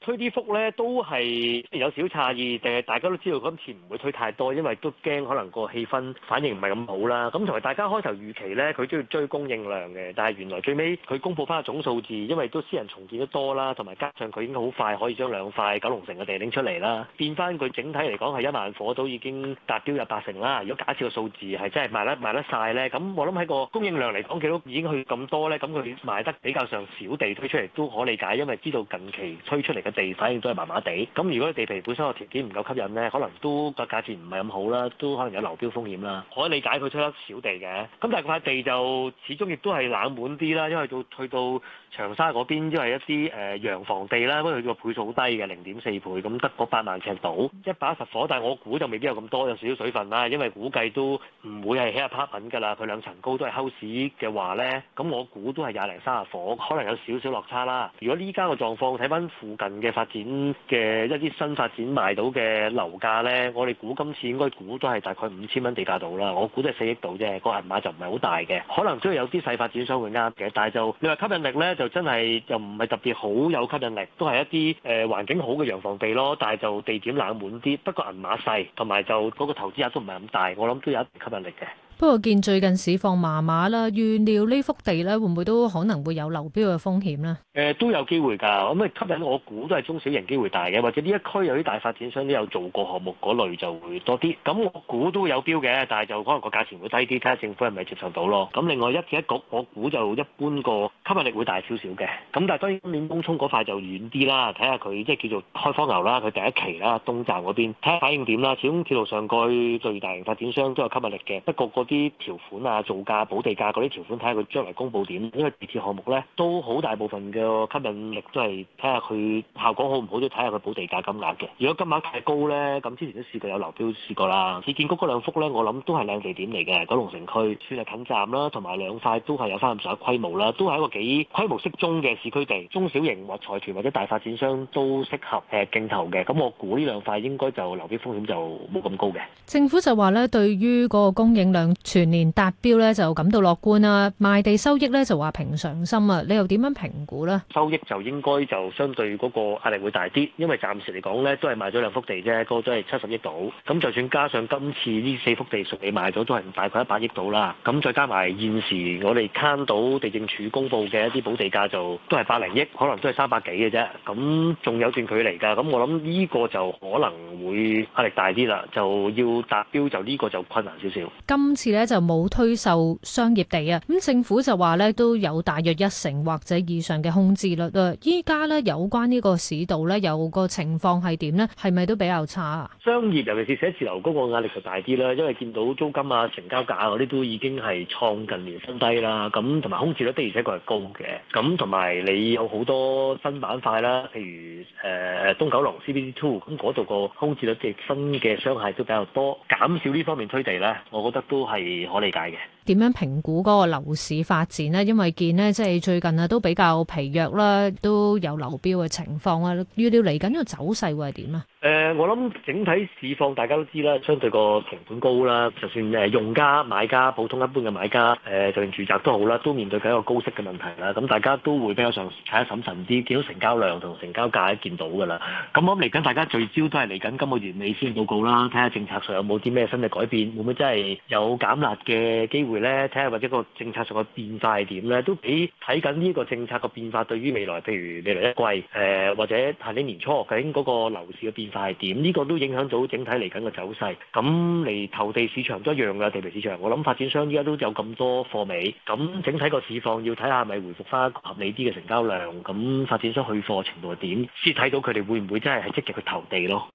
推啲幅咧都係有少少差異，定係大家都知道今次唔會推太多，因為都驚可能個氣氛反應唔係咁好啦。咁同埋大家開頭預期咧，佢都要追供應量嘅，但係原來最尾佢公布翻個總數字，因為都私人重建都多啦，同埋加上佢已經好快可以將兩塊九龍城嘅地拎出嚟啦，變翻佢整體嚟講係一萬伙都已經達標入八成啦。如果假設個數字係真係賣得賣得晒咧，咁我諗喺個供應量嚟講，幾乎都已經去咁多咧，咁佢賣得比較上少地推出嚟都可理解，因為知道近期推出嚟嘅。地反應都係麻麻地，咁如果地皮本身個條件唔夠吸引呢，可能都個價錢唔係咁好啦，都可能有流標風險啦。可以理解佢出得少地嘅，咁但係塊地就始終亦都係冷門啲啦，因為到去到長沙嗰邊都係一啲誒、呃、洋房地啦，不過佢個倍數好低嘅零點四倍，咁得嗰八萬尺到。一百一十火，但係我估就未必有咁多，有少少水分啦，因為估計都唔會係起下 part 品㗎啦，佢兩層高都係 house 嘅話呢，咁我估都係廿零三十火，可能有少少落差啦。如果依家個狀況睇翻附近，嘅發展嘅一啲新發展賣到嘅樓價呢，我哋估今次應該估都係大概五千蚊地價度啦。我估都係四億度啫，個銀碼就唔係好大嘅。可能都有有啲細發展商會啱嘅，但係就你話吸引力呢，就真係又唔係特別好有吸引力，都係一啲誒、呃、環境好嘅洋房地咯。但係就地點冷門啲，不過銀碼細，同埋就嗰個投資額都唔係咁大，我諗都有一定吸引力嘅。不過見最近市況麻麻啦，預料呢幅地咧，會唔會都可能會有流標嘅風險咧？誒，都有機會㗎。咁誒吸引，我，我估都係中小型機會大嘅，或者呢一區有啲大發展商都有做過項目嗰類就會多啲。咁我估都有標嘅，但係就可能個價錢會低啲，睇下政府係咪接受到咯。咁另外一鐵一局，我估就一般個吸引力會大少少嘅。咁但係當然今年東涌嗰塊就遠啲啦，睇下佢即係叫做開荒牛啦，佢第一期啦，東站嗰邊睇下反應點啦。始終鐵路上蓋最大型發展商都有吸引力嘅，不過個。啲條款啊、造價、補地價嗰啲條款，睇下佢將來公布點。因為地鐵項目咧，都好大部分嘅吸引力都係睇下佢效果好唔好，都睇下佢補地價金額嘅。如果金額太高咧，咁之前都試過有流標試過啦。市建局嗰兩幅咧，我諗都係靚地點嚟嘅，九龍城區，算係近站啦，同埋兩塊都係有三五十嘅規模啦，都係一個幾規模適中嘅市區地，中小型或財團或者大發展商都適合誒競投嘅。咁我估呢兩塊應該就流標風險就冇咁高嘅。政府就話咧，對於個供應量。全年達標咧就感到樂觀啊，賣地收益咧就話平常心啊，你又點樣評估呢？收益就應該就相對嗰個壓力會大啲，因為暫時嚟講咧都係賣咗兩幅地啫，嗰都係七十億度。咁就算加上今次呢四幅地順利賣咗，都係大概一百億度啦。咁再加埋現時我哋攤到地政署公布嘅一啲補地價，就都係百零億，可能都係三百幾嘅啫。咁仲有段距離㗎。咁我諗呢個就可能會壓力大啲啦，就要達標就呢個就困難少少。今次。咧就冇推售商業地啊，咁政府就話咧都有大約一成或者以上嘅空置率啊。依家咧有關呢個市道咧有個情況係點咧？係咪都比較差啊？商業尤其是寫字樓嗰個壓力就大啲啦，因為見到租金啊、成交價嗰啲都已經係創近年新低啦。咁同埋空置率的而且確係高嘅。咁同埋你有好多新板塊啦，譬如誒東九龍 CBD Two，咁嗰度個空置率嘅新嘅商廈都比較多，減少呢方面推地咧，我覺得都。係可理解嘅。點樣評估嗰個樓市發展呢？因為見呢，即係最近啊，都比較疲弱啦，都有流標嘅情況啦。預料嚟緊呢個走勢會係點啊？誒、呃，我諗整體市況大家都知啦，相對個盤盤高啦，就算誒用家、買家、普通一般嘅買家誒、呃，就算住宅都好啦，都面對緊一個高息嘅問題啦。咁大家都會比較上睇下審慎啲，見到成交量同成交價都見到㗎啦。咁我諗嚟緊大家聚焦都係嚟緊今個月尾先報告啦，睇下政策上有冇啲咩新嘅改變，會唔會真係有？減壓嘅機會呢，睇下或者個政策上嘅變化係點呢？都比睇緊呢個政策嘅變化對於未來，譬如未來一季誒、呃、或者係喺年初究竟嗰個樓市嘅變化係點，呢、呢個都影響到整體嚟緊嘅走勢。咁嚟投地市場都一樣㗎，地皮市場我諗發展商依家都有咁多貨尾，咁整體個市況要睇下咪回復翻合理啲嘅成交量，咁發展商去貨程度係點先睇到佢哋會唔會真係係積極去投地咯。